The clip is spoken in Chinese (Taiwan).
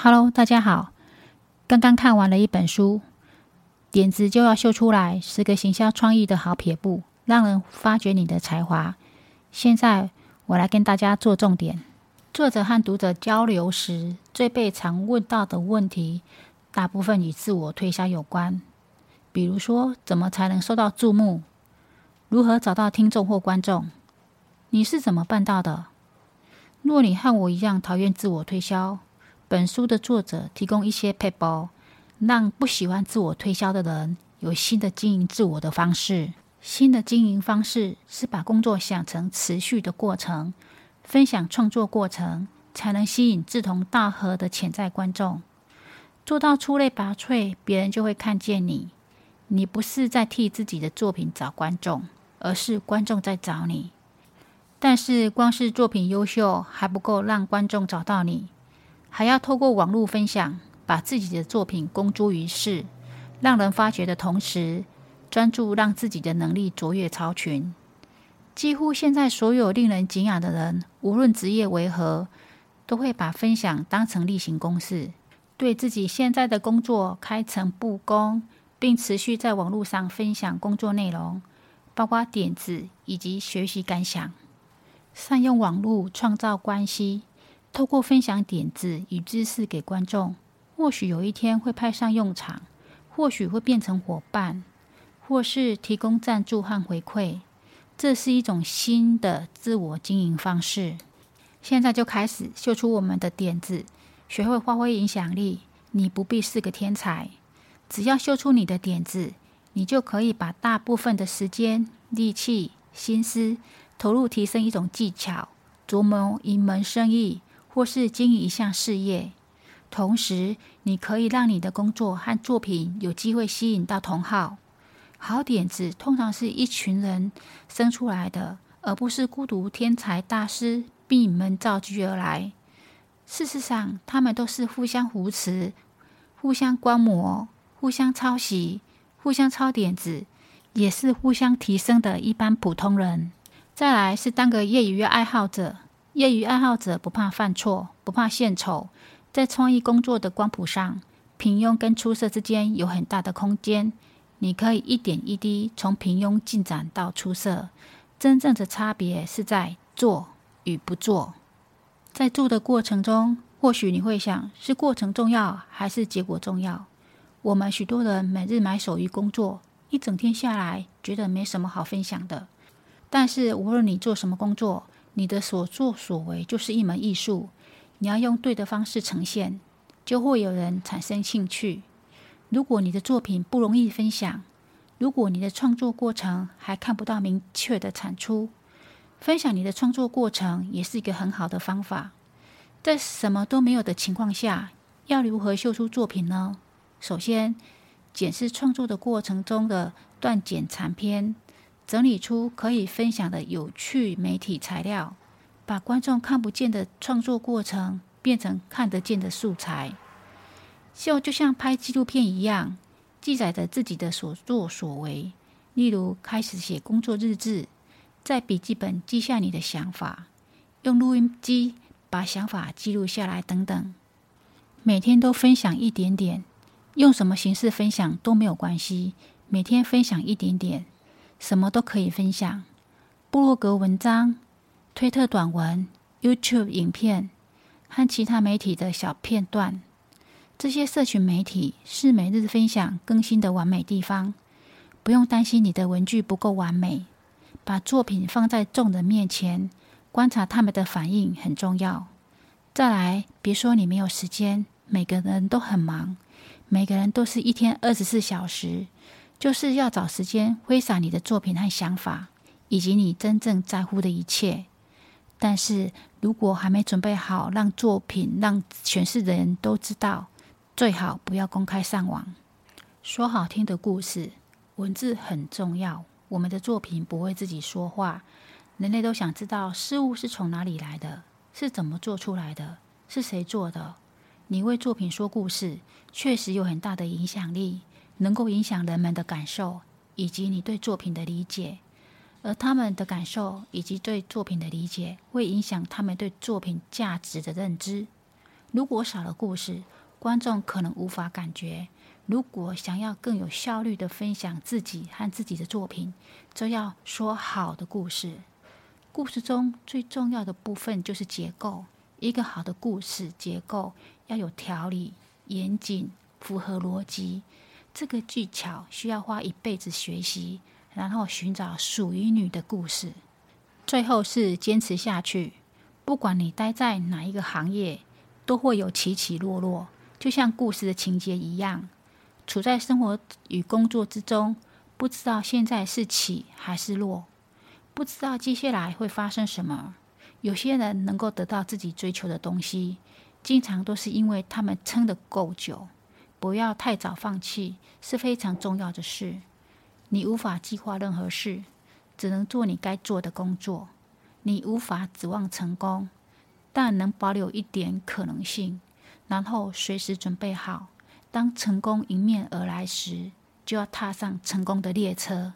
Hello，大家好。剛剛看完了一本書，《點子就要秀出來》，十個行銷創意的好撇步，讓人發掘你的才華。現在我來跟大家做重點。作者和讀者交流時，最被常問到的問題，大部分與自我推銷有關。比如說，怎麼才能受到注目？如何找到聽眾或觀眾？你是怎麼辦到的？若你和我一樣討厭自我推銷，本書的作者提供一些撇步，讓不喜歡自我推銷的人有新的經營自我的方式。新的經營方式是把工作想成持續的過程，分享創作過程，才能吸引志同道合的潛在觀眾。做到出類拔萃，別人就會看見你。你不是在替自己的作品找觀眾，而是觀眾在找你。但是，光是作品優秀，還不夠讓觀眾找到你。還要透過網絡分享，把自己的作品公諸於世，讓人發掘的同時，專注讓自己的能力卓越超群。幾乎現在所有令人敬仰的人，無論職業為何，都會把分享當成例行公事，對自己現在的工作開誠布公，並持續在網絡上分享工作內容，包括點子以及學習感想。善用網絡創造關係。透過分享點子與知識給觀眾，或許有一天會派上用場，或許會變成夥伴，或是提供贊助和回饋。這是一種新的自我經營方式。現在就開始秀出我們的點子，學會發揮影響力。你不必是個天才，只要秀出你的點子，你就可以把大部分的時間、力氣、心思投入提升一種技巧，琢磨一門生意。或是經營一項事業，同時你可以讓你的工作和作品有機會吸引到同好。好點子通常是一群人生出來的，而不是孤獨天才大師閉門造車而來。事實上，他們都是互相扶持、互相觀摩、互相抄襲、互相抄點子，也是互相提升的一般普通人。再來是當個業餘愛好者。業餘愛好者不怕犯錯，不怕獻醜，在創意工作的光譜上，平庸跟出色之間有很大的空間。你可以一點一滴從平庸進展到出色。真正的差別是在做與不做。在做的過程中，或許你會想：是過程重要，還是結果重要？我們許多人每日埋首於工作，一整天下來，覺得沒什麼好分享的。但是，無論你做什麼工作，你的所作所為就是一門藝術，你要用對的方式呈現，就會有人產生興趣。如果你的作品不容易分享，如果你的創作過程還看不到明確的產出，分享你的創作過程也是一個很好的方法。在什麼都沒有的情況下，要如何秀出作品呢？首先，檢視創作的過程中的斷簡殘篇。整理出可以分享的有趣媒體材料，把觀眾看不見的創作過程變成看得見的素材。秀就像拍紀錄片一樣，記載着自己的所作所為。例如，開始寫工作日誌，在筆記本記下你的想法，用錄音機把想法記錄下來等等。每天都分享一點點，用什麼形式分享都沒有關係。每天分享一點點。什麼都可以分享：部落格文章、推特短文、YouTube 影片和其他媒體的小片段。這些社群媒體是每日分享更新的完美地方。不用擔心你的文具不夠完美，把作品放在眾人面前，觀察他們的反應很重要。再來，別說你沒有時間，每個人都很忙，每個人都是一天二十四小時。就是要找時間揮灑你的作品和想法，以及你真正在乎的一切。但是如果還沒準備好讓作品讓全世人都知道，最好不要公開上網。說好聽的故事，文字很重要。我們的作品不會自己說話，人類都想知道事物是從哪裡來的，是怎麼做出來的，是誰做的。你為作品說故事，確實有很大的影響力。能夠影響人們的感受，以及你對作品的理解，而他們的感受以及對作品的理解，會影響他們對作品價值的認知。如果少了故事，觀眾可能無法感覺。如果想要更有效率地分享自己和自己的作品，就要說好的故事。故事中最重要的部分就是結構。一個好的故事結構要有條理、嚴謹、符合邏輯。這個技巧需要花一輩子學習，然後尋找屬於你的故事。最後是堅持下去，不管你待在哪一個行業，都會有起起落落，就像故事的情節一樣。處在生活與工作之中，不知道現在是起還是落，不知道接下來會發生什麼。有些人能夠得到自己追求的東西，經常都是因為他們撐得夠久。不要太早放棄是非常重要的事。你無法計劃任何事，只能做你該做的工作。你無法指望成功，但能保留一點可能性，然後隨時準備好。當成功迎面而來時，就要踏上成功的列車。